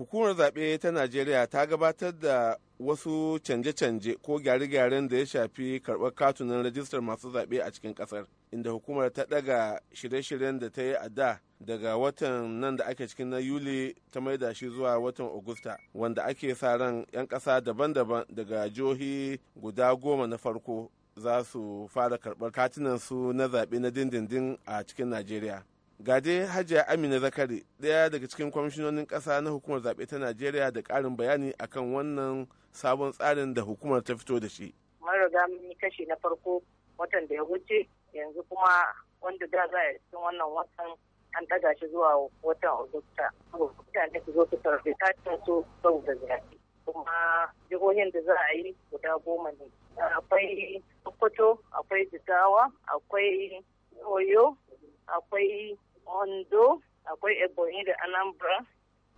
hukumar zaɓe ta najeriya ta gabatar da wasu canje-canje ko gyare-gyaren da ya shafi karɓar katunan rajistar masu zaɓe a cikin ƙasar inda hukumar ta ɗaga shirye-shiryen da ta yi a da daga watan nan da ake cikin na yuli ta maida shi zuwa watan augusta wanda ake sa ran 'yan ƙasa daban-daban daga jihohi guda goma na farko za su fara karɓar katunan su na zaɓe na dindindin a cikin najeriya ga dai hajiya amina zakari ɗaya daga cikin kwamishinonin ƙasa na hukumar zaɓe ta najeriya da ƙarin bayani akan wannan sabon tsarin da hukumar ta fito da shi mun riga mun yi kashi na farko watan da ya wuce yanzu kuma wanda da za a cikin wannan watan an ɗaga shi zuwa watan augusta mutane su zo su karfe katin su saboda zafi kuma jihohin da za a yi guda goma ne akwai sokoto akwai jigawa akwai oyo akwai ondo akwai ebonyi da anambra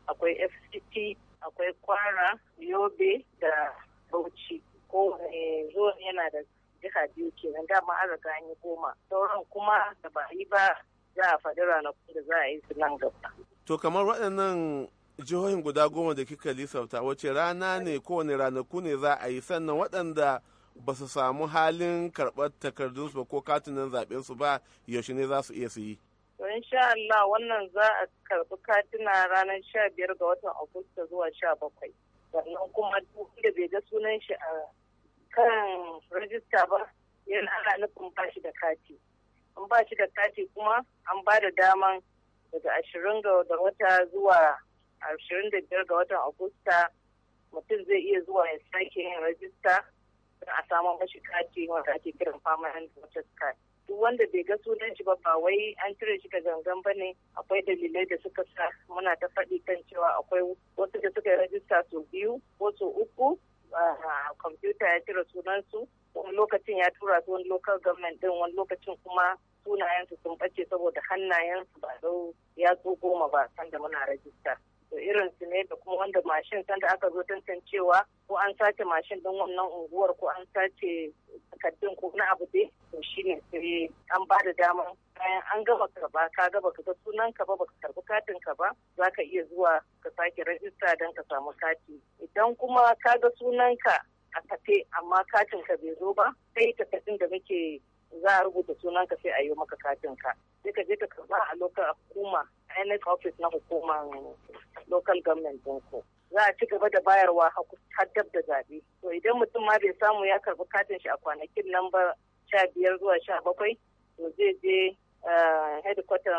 akwai fct akwai kwara yobe da bauchi kowane zuwan yana da jiha biyu nan dama an riga an yi goma sauran kuma da ba yi ba za a faɗi ranaku da za a yi su nan gaba. to kamar waɗannan jihohin guda goma da kika lissafta wace rana ne kowane ranaku ne za a yi sannan waɗanda ba su samu halin karɓar takardunsu ba ko katunan zaɓensu ba yaushe ne za su iya su yi. To insha Allah wannan za a karbi katina ranar sha biyar ga watan Agusta zuwa sha bakwai. Sannan kuma duk da bai ga sunan shi a kan rajista ba yana ana nufin ba shi da kati. An ba shi da kati kuma an ba da daman daga ashirin ga wata zuwa ashirin da biyar ga watan Agusta mutum zai iya zuwa ya sake yin rajista don a samu mashi kati wanda ake kiran da wata card. duk wanda bai ga sunan shi ba ba wai an cire shi da gangan ba ne akwai dalilai da suka sa muna ta faɗi kan cewa akwai wasu da suka rajista su biyu ko su uku kwamfuta ya cire sunansu wani lokacin ya tura su wani local government din wani lokacin kuma sunayensu sun ɓace saboda hannayensu ba dau ya zo goma ba sanda muna rajista to irin su ne da kuma wanda mashin sanda aka zo tantancewa ko an sace mashin din wannan unguwar ko an sace takaddun ko na abu dai an ba da dama bayan an gama karba ka gaba ka ga sunan ka ba baka karbi katin ka ba za ka iya zuwa ka sake rajista don ka samu kati idan kuma ka ga sunan ka a tafe amma katin ka bai zo ba sai takardun da muke za a rubuta sunan ka sai a yi maka katin ka sai ka je ka karba a local hukuma INEC office na hukuman local government din ko za a ci gaba da bayarwa har dab da zaɓe to idan mutum ma bai samu ya karbi katin shi a kwanakin nan ba sha biyar zuwa sha bakwai to zai je eh, headquarter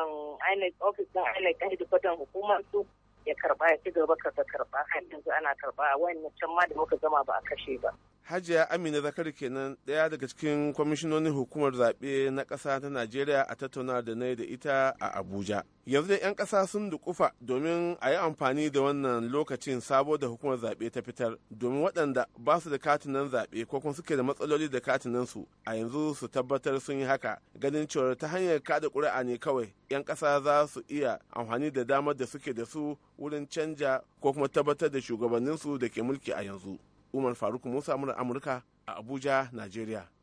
INEC office din INEC headquarter hukumar su ya karba ya ci gaba ka karba har yanzu ana karba wayannan can ma da muka gama ba a kashe ba hajiya amina zakari kenan daya daga cikin kwamishinonin hukumar zaɓe na ƙasa ta najeriya a tattauna da na da ita a abuja yanzu da 'yan ƙasa sun dukufa domin a yi amfani da wannan lokacin sabo da hukumar zaɓe ta fitar domin waɗanda ba su da katinan zaɓe ko kuma suke da matsaloli da katinan su a yanzu su tabbatar sun yi haka ganin cewar ta hanyar kada ƙuri'a ne kawai 'yan ƙasa za su iya amfani da damar da suke da su wurin canja ko kuma tabbatar da shugabanninsu da ke mulki a yanzu. umar faruk musa amurka a abuja Nigeria.